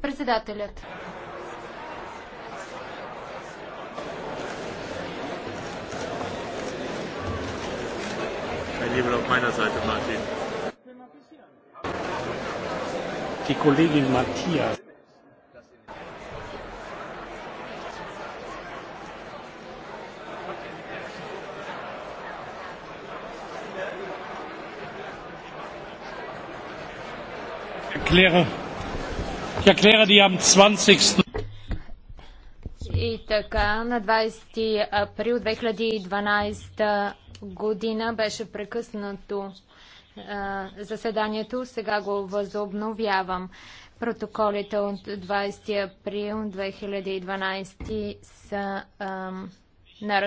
Председателят. Ein Nebel auf meiner Seite, Martin. Die Kollegin Matthias. И така, на 20 април 2012 година беше прекъснато заседанието. Сега го възобновявам. Протоколите от 20 април 2012 са е, на